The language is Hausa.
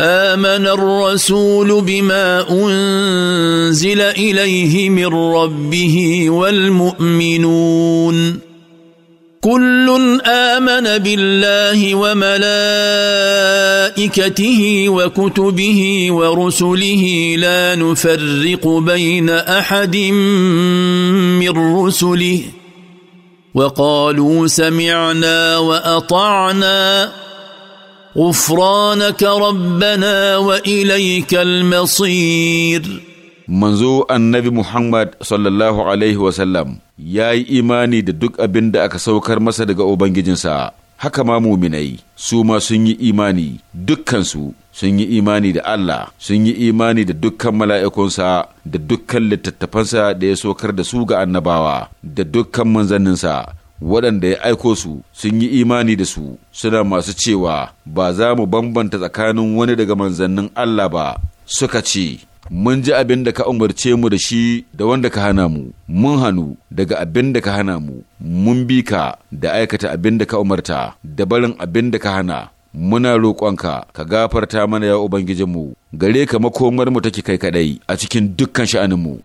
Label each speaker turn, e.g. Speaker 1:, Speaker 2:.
Speaker 1: امن الرسول بما انزل اليه من ربه والمؤمنون كل امن بالله وملائكته وكتبه ورسله لا نفرق بين احد من رسله وقالوا سمعنا واطعنا غفرانك ربنا وإليك
Speaker 2: المصير manzo annabi Muhammad sallallahu Alaihi ya yi imani da duk abin da aka saukar masa daga Ubangijinsa, haka ma muminai, su ma sun yi imani, dukkansu sun yi imani da Allah, sun yi imani da dukkan mala'ikunsa, da dukkan littattafansa da ya saukar da su ga annabawa, da dukkan manzanninsa. waɗanda ya aiko su sun yi imani da su suna masu cewa ba za mu bambanta tsakanin wani daga manzannin Allah ba suka ce mun ji abin da ka umarce mu da shi da wanda ka hana mu mun hannu daga abin da ka hana mu mun bi ka da aikata abin da ka umarta da barin abin da ka hana muna roƙonka ka gafarta mana ya ubangijinmu gare ka makomar mu take kai kadai a cikin dukkan sha'aninmu